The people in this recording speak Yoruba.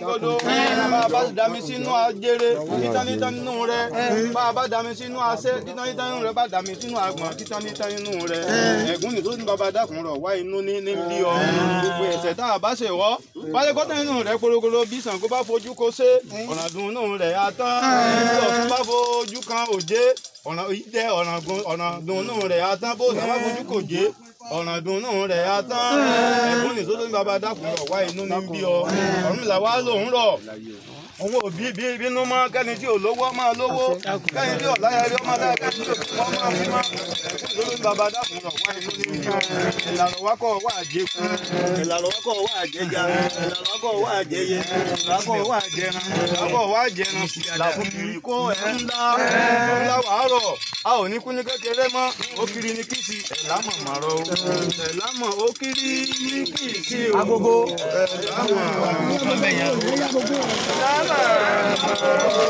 gbọdọ bá a bá dami sínú ajere títanítan nínú rẹ bá a bá dami sínú asẹ títanítan nínú rẹ bá dami sínú agbọn títanítan nínú rẹ ẹgún nìtó ní baba dákun rọ wá inú ní ní bí gbogbo ẹsẹ tá a bá ṣe wọ pálíkọtà nínú rẹ korokoro bí Ṣàngó bá fojú kó ṣe ọ̀nà dùnú rẹ atán ìjọsìn bá fojú kan òjé ọ̀nà ìdẹ ọ̀nà dùnú rẹ atán bó ọ̀ràn dùnnú rẹ̀ á tán ẹ̀gbọ́n nìṣó tó ní bàbá dákun rọ̀ wá inú ní bí ọ ọ̀run là wá lòún rọ̀ òun ò bí bínú mọ́ kẹ́ni tí ò lówó máa lówó kẹ́ni tí ò láyà rí ọmọ láyà kẹ́ni tí ò fi máa fi máa ẹ̀gbọ́n nìṣó tó ní bàbá dákun rọ̀ wá inú ní bí ọ ìlànà wákọ̀ wà àjẹkù ìlànà wákọ̀ wà àjẹjà ìlànà wákọ̀ wà àjẹyẹ ìlànà wákọ̀ wà àjẹran ìlànà wákọ̀ wà àjẹran làkùnrin kó ẹ̀ ń dá ńlá wàá bọ̀ a ò ní kú ní kékeré mọ́ ó kiri ní kìsì ẹ̀lámọ̀ màrọ̀ o ẹ̀lámọ̀ ó kiri ní kìsì o agogo ẹ̀lámọ̀ ẹ̀lámọ̀.